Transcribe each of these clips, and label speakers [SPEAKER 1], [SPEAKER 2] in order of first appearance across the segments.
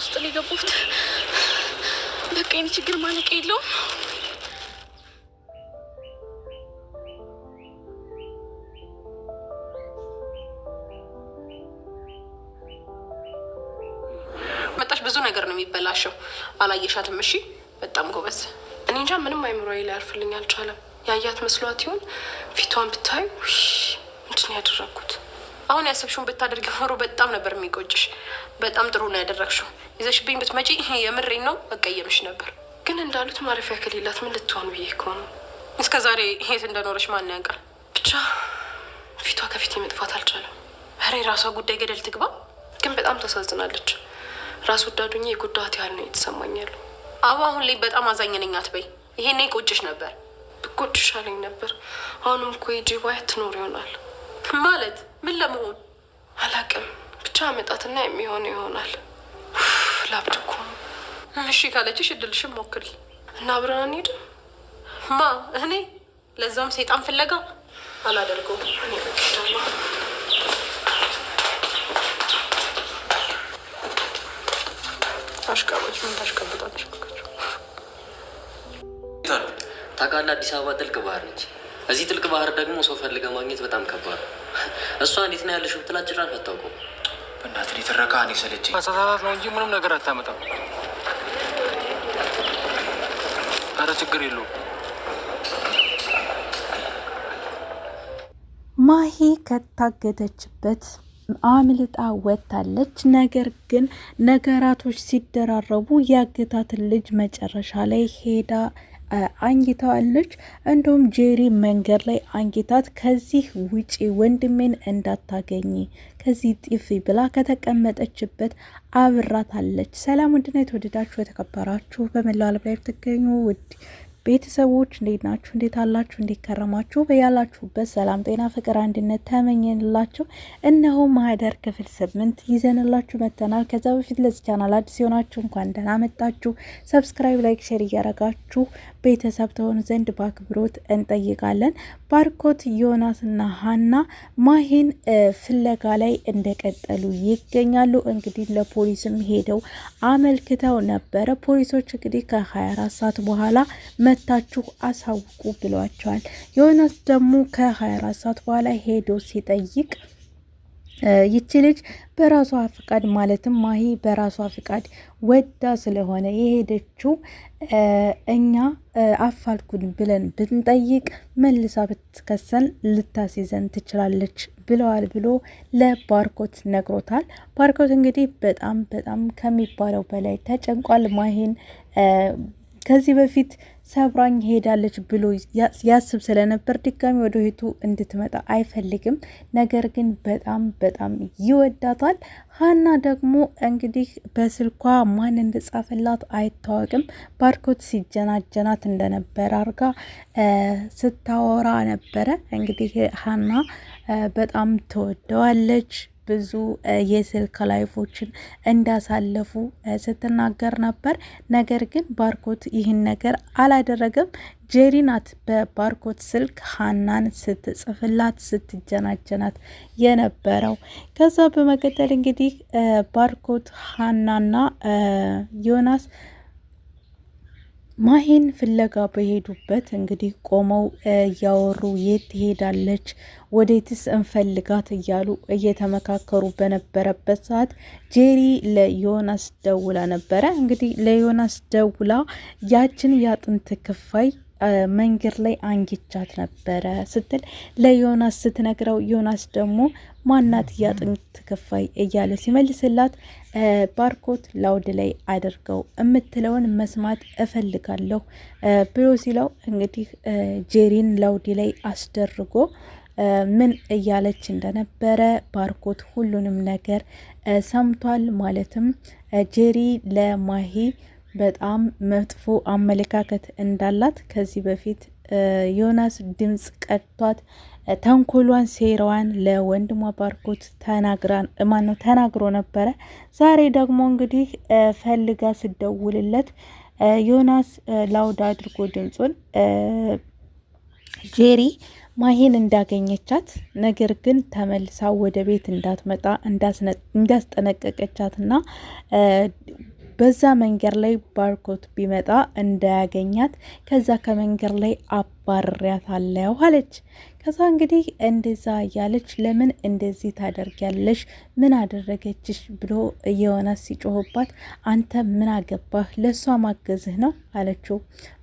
[SPEAKER 1] ውስጥ ነው የገቡት። በቃ ይህን ችግር ማለቂያ የለውም።
[SPEAKER 2] መጣሽ ብዙ ነገር ነው የሚበላሸው። አላየሻትም? እሺ፣ በጣም ጎበዝ። እኔ እንጃ ምንም አይምሮ ላይ ያርፍልኝ አልቻለም። ያያት መስሏት ይሆን ፊቷን ብታዩ ምንድን ያደረግኩት አሁን ያሰብሽውን ብታደርግ ኖሮ በጣም ነበር የሚቆጭሽ። በጣም ጥሩ ነው ያደረግሽው። ይዘሽብኝ ብትመጪ የምሬን ነው እቀየምሽ ነበር። ግን እንዳሉት ማረፊያ ከሌላት ምን ልትሆን ብዬ እኮ ነው። እስከ ዛሬ የት እንደኖረች ማን ያውቃል? ብቻ ፊቷ ከፊት መጥፋት አልቻለም። ኧረ የራሷ ጉዳይ ገደል ትግባ። ግን በጣም ታሳዝናለች። ራስ ወዳዱኛ የጉዳት ያህል ነው የተሰማኛሉ። አቡ አሁን ላይ በጣም አዛኝ ነኝ አትበይ። ይሄኔ ቆጭሽ ነበር። ብቆጭሽ አለኝ ነበር። አሁንም እኮ የጄባያ ትኖር ይሆናል ማለት ምን ለመሆን አላቅም። ብቻ አመጣትና የሚሆን ይሆናል። ላብድኮ እኮ እሺ ካለችሽ እድልሽም ሞክሪ እና አብረን እንሂድ። ማ እኔ ለዛም ሴጣን ፍለጋ አላደርገውም። አሽቃባጭ ምን ታሽቀብጣለች?
[SPEAKER 3] ታውቃለህ፣ አዲስ አበባ ጥልቅ ባህር ነች። እዚህ ጥልቅ ባህር ደግሞ ሰው ፈልገ ማግኘት በጣም ከባድ እሷ እንዴት ነው ያለሽው ብትላት ጭራሽ አታውቀውም።
[SPEAKER 4] በእናትህ ትረካ እኔ ሰለችኝ።
[SPEAKER 5] ማሳሳታት ነው እንጂ ምንም ነገር አታመጣም። ኧረ ችግር የለውም።
[SPEAKER 6] ማሂ ከታገተችበት አምልጣ ወጥታለች። ነገር ግን ነገራቶች ሲደራረቡ ያገታትን ልጅ መጨረሻ ላይ ሄዳ አንግታዋለች። እንዲሁም ጄሪ መንገድ ላይ አንግታት ከዚህ ውጪ ወንድሜን እንዳታገኝ ከዚህ ጥፊ ብላ ከተቀመጠችበት አብራታለች። ሰላም ውድና የተወደዳችሁ የተከበራችሁ በመላው ዓለም ላይ የምትገኙ ውድ ቤተሰቦች እንዴት ናችሁ? እንዴት አላችሁ? እንዴት ከረማችሁ? በያላችሁበት ሰላም፣ ጤና፣ ፍቅር፣ አንድነት ተመኘንላችሁ። እነሆ ማህደር ክፍል ስምንት ይዘንላችሁ መጥተናል። ከዛ በፊት ለዚህ ቻናል አዲስ የሆናችሁ እንኳን ደህና መጣችሁ። ሰብስክራይብ፣ ላይክ፣ ሼር እያረጋችሁ ቤተሰብ ተሆኑ ዘንድ በአክብሮት እንጠይቃለን። ባርኮት ዮናስና ሀና ማሂን ፍለጋ ላይ እንደቀጠሉ ይገኛሉ። እንግዲህ ለፖሊስም ሄደው አመልክተው ነበረ። ፖሊሶች እንግዲህ ከ24 ሰዓት በኋላ መታችሁ አሳውቁ ብሏቸዋል። ዮናስ ደግሞ ከ24 ሰዓት በኋላ ሄዶ ሲጠይቅ ይቺ ልጅ በራሷ ፍቃድ ማለትም ማሂ በራሷ ፍቃድ ወዳ ስለሆነ የሄደችው እኛ አፋልኩን ብለን ብንጠይቅ መልሳ ብትከሰን ልታስይዘን ትችላለች ብለዋል ብሎ ለባርኮት ነግሮታል። ባርኮት እንግዲህ በጣም በጣም ከሚባለው በላይ ተጨንቋል። ማሂን ከዚህ በፊት ሰብራኝ ሄዳለች ብሎ ያስብ ስለነበር ድጋሚ ወደ ቤቱ እንድትመጣ አይፈልግም። ነገር ግን በጣም በጣም ይወዳታል። ሀና ደግሞ እንግዲህ በስልኳ ማን እንደጻፈላት አይታወቅም። ባርኮት ሲጀናጀናት እንደነበረ አርጋ ስታወራ ነበረ። እንግዲህ ሀና በጣም ትወደዋለች። ብዙ የስልክ ላይፎችን እንዳሳለፉ ስትናገር ነበር። ነገር ግን ባርኮት ይህን ነገር አላደረገም። ጄሪ ናት በባርኮት ስልክ ሀናን ስትጽፍላት ስትጀናጀናት የነበረው። ከዛ በመቀጠል እንግዲህ ባርኮት ሀናና ዮናስ ማሂን ፍለጋ በሄዱበት እንግዲህ ቆመው እያወሩ የት ትሄዳለች፣ ወዴትስ እንፈልጋት እያሉ እየተመካከሩ በነበረበት ሰዓት ጄሪ ለዮናስ ደውላ ነበረ። እንግዲህ ለዮናስ ደውላ ያችን ያጥንት ክፋይ መንገድ ላይ አንግቻት ነበረ ስትል ለዮናስ ስትነግረው ዮናስ ደግሞ ማናት እያጥንት ክፋይ እያለ ሲመልስላት ባርኮት ላውድ ላይ አድርገው የምትለውን መስማት እፈልጋለሁ ብሎ ሲለው እንግዲህ ጄሪን ላውድ ላይ አስደርጎ ምን እያለች እንደነበረ ባርኮት ሁሉንም ነገር ሰምቷል። ማለትም ጄሪ ለማሂ በጣም መጥፎ አመለካከት እንዳላት ከዚህ በፊት ዮናስ ድምፅ ቀድቷት ተንኮሏን፣ ሴራዋን ለወንድሟ ባርኮት ማነው ተናግሮ ነበረ። ዛሬ ደግሞ እንግዲህ ፈልጋ ስደውልለት ዮናስ ላውድ አድርጎ ድምፁን ጄሪ ማሄን እንዳገኘቻት ነገር ግን ተመልሳ ወደ ቤት እንዳትመጣ እንዳስጠነቀቀቻትና በዛ መንገድ ላይ ባርኮት ቢመጣ እንዳያገኛት ከዛ ከመንገድ ላይ አባርሪያታለሁ አለች። ከዛ እንግዲህ እንደዛ እያለች ለምን እንደዚህ ታደርጊያለሽ? ምን አደረገችሽ? ብሎ እየሆነ ሲጮህባት አንተ ምን አገባህ? ለእሷ ማገዝህ ነው አለችው።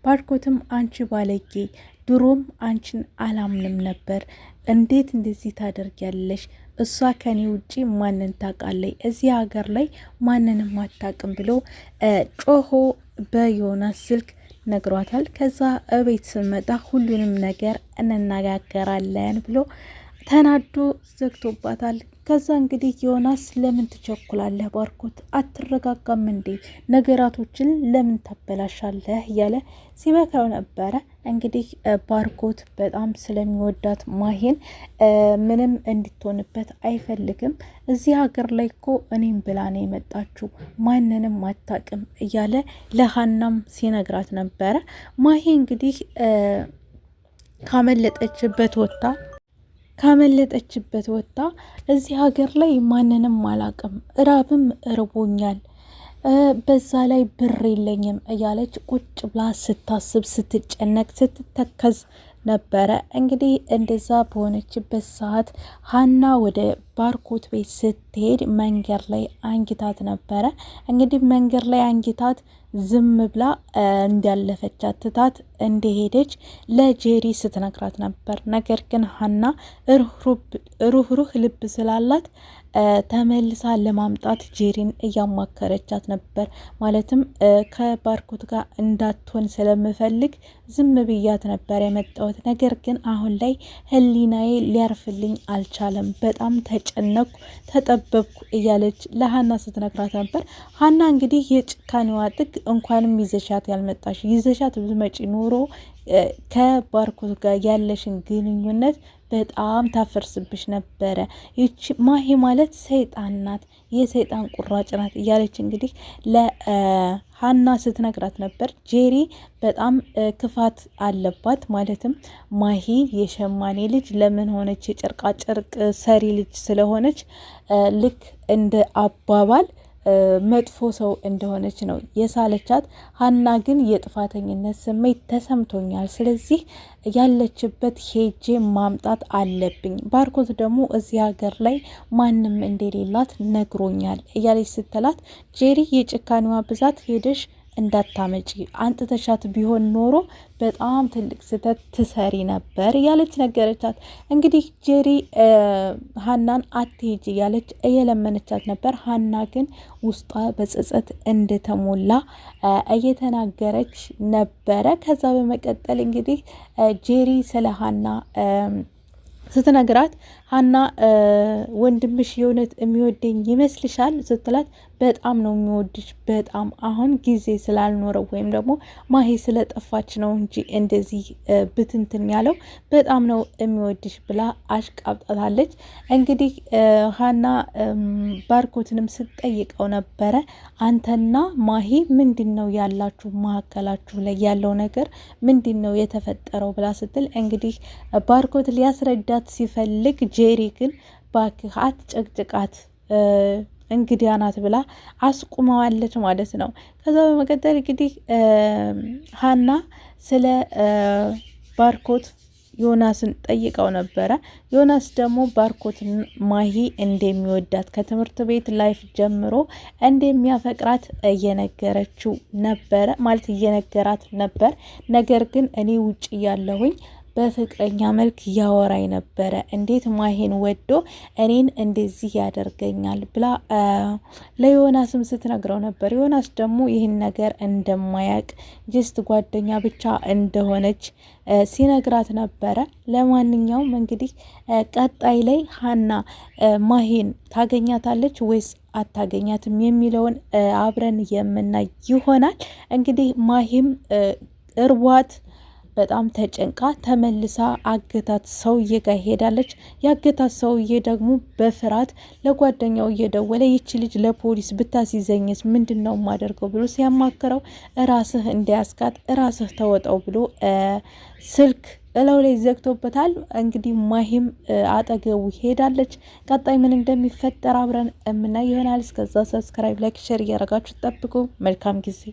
[SPEAKER 6] ባርኮትም አንቺ ባለጌ፣ ድሮም አንቺን አላምንም ነበር እንዴት እንደዚህ ታደርጊያለሽ እሷ ከኔ ውጪ ማንን ታውቃለች? እዚህ ሀገር ላይ ማንንም አታውቅም ብሎ ጮሆ በዮናስ ስልክ ነግሯታል። ከዛ እቤት ስንመጣ ሁሉንም ነገር እንነጋገራለን ብሎ ተናዶ ዘግቶባታል። ከዛ እንግዲህ ዮናስ ለምን ትቸኩላለህ ባርኮት አትረጋጋም እንዴ ነገራቶችን ለምን ታበላሻለህ እያለ ሲመክረው ነበረ። እንግዲህ ባርኮት በጣም ስለሚወዳት ማሄን ምንም እንድትሆንበት አይፈልግም። እዚህ ሀገር ላይ እኮ እኔም ብላ ነው የመጣችው ማንንም አታቅም እያለ ለሀናም ሲነግራት ነበረ። ማሄ እንግዲህ ካመለጠችበት ወጥታ ካመለጠችበት ወጣ እዚህ ሀገር ላይ ማንንም አላቅም፣ እራብም እርቦኛል፣ በዛ ላይ ብር የለኝም እያለች ቁጭ ብላ ስታስብ ስትጨነቅ ስትተከዝ ነበረ። እንግዲህ እንደዛ በሆነችበት ሰዓት ሀና ወደ ባርኮት ቤት ስትሄድ መንገድ ላይ አንጊታት ነበረ። እንግዲህ መንገድ ላይ አንጊታት ዝም ብላ እንዳለፈች አትታት እንደሄደች ለጄሪ ስትነግራት ነበር። ነገር ግን ሀና ሩህሩህ ልብ ስላላት ተመልሳ ለማምጣት ጄሪን እያማከረቻት ነበር። ማለትም ከባርኮት ጋር እንዳትሆን ስለምፈልግ ዝም ብያት ነበር የመጣሁት። ነገር ግን አሁን ላይ ህሊናዬ ሊያርፍልኝ አልቻለም። በጣም ተጨነኩ፣ ተጠበብኩ እያለች ለሀና ስትነግራት ነበር። ሀና እንግዲህ የጭካኔዋ ጥግ እንኳንም ይዘሻት ያልመጣሽ ይዘሻት ብትመጪ ኑሮ ከባርኮት ጋር ያለሽን ግንኙነት በጣም ታፈርስብሽ ነበረ። ይቺ ማሂ ማለት ሰይጣን ናት፣ የሰይጣን ቁራጭ ናት እያለች እንግዲህ ለሀና ስትነግራት ነበር። ጄሪ በጣም ክፋት አለባት። ማለትም ማሂ የሸማኔ ልጅ ለምን ሆነች? የጨርቃጨርቅ ሰሪ ልጅ ስለሆነች ልክ እንደ አባባል መጥፎ ሰው እንደሆነች ነው የሳለቻት። ሀና ግን የጥፋተኝነት ስሜት ተሰምቶኛል፣ ስለዚህ ያለችበት ሄጄ ማምጣት አለብኝ። ባርኮት ደግሞ እዚህ ሀገር ላይ ማንም እንደሌላት ነግሮኛል እያለች ስትላት ጄሪ የጭካኔዋ ብዛት ሄደሽ እንዳታመጪ አንጥተሻት ቢሆን ኖሮ በጣም ትልቅ ስህተት ትሰሪ ነበር ያለች ነገረቻት። እንግዲህ ጄሪ ሀናን አትሄጂ ያለች እየለመነቻት ነበር። ሀና ግን ውስጧ በጸጸት እንደተሞላ እየተናገረች ነበረ። ከዛ በመቀጠል እንግዲህ ጄሪ ስለ ሀና ስትነግራት ሀና ወንድምሽ የእውነት የሚወደኝ ይመስልሻል? ስትላት በጣም ነው የሚወድሽ በጣም አሁን ጊዜ ስላልኖረው ወይም ደግሞ ማሄ ስለጠፋች ነው እንጂ እንደዚህ ብትንትን ያለው በጣም ነው የሚወድሽ ብላ አሽቃብጣታለች። እንግዲህ ሀና ባርኮትንም ስትጠይቀው ነበረ። አንተና ማሄ ምንድን ነው ያላችሁ መካከላችሁ ላይ ያለው ነገር ምንድን ነው የተፈጠረው ብላ ስትል እንግዲህ ባርኮት ሊያስረዳት ሲፈልግ ጄሪ ግን ባክህ አትጨቅጭቃት እንግዲያ ናት ብላ አስቁመዋለች ማለት ነው። ከዛ በመቀጠል እንግዲህ ሀና ስለ ባርኮት ዮናስን ጠይቀው ነበረ። ዮናስ ደግሞ ባርኮት ማሂ እንደሚወዳት ከትምህርት ቤት ላይፍ ጀምሮ እንደሚያፈቅራት እየነገረችው ነበረ ማለት እየነገራት ነበር። ነገር ግን እኔ ውጭ ያለሁኝ በፍቅረኛ መልክ እያወራኝ ነበረ። እንዴት ማሄን ወዶ እኔን እንደዚህ ያደርገኛል ብላ ለዮናስም ስትነግረው ነበር። ዮናስ ደግሞ ይህን ነገር እንደማያቅ ጅስት ጓደኛ ብቻ እንደሆነች ሲነግራት ነበረ። ለማንኛውም እንግዲህ ቀጣይ ላይ ሀና ማሄን ታገኛታለች ወይስ አታገኛትም የሚለውን አብረን የምናይ ይሆናል። እንግዲህ ማሄም እርቧት በጣም ተጨንቃ ተመልሳ አገታት ሰውዬ ጋር ሄዳለች። ያገታት ሰውዬ ደግሞ በፍርሃት ለጓደኛው እየደወለ ይቺ ልጅ ለፖሊስ ብታስይዘኝስ ምንድን ነው ማደርገው ብሎ ሲያማክረው እራስህ እንዳያስጋት እራስህ ተወጣው ብሎ ስልክ እለው ላይ ዘግቶበታል። እንግዲህ ማሂም አጠገቡ ሄዳለች። ቀጣይ ምን እንደሚፈጠር አብረን እምና ይሆናል። እስከዛ ሰብስክራይብ፣ ላይክ፣ ሸር እያደረጋችሁ ጠብቁ። መልካም ጊዜ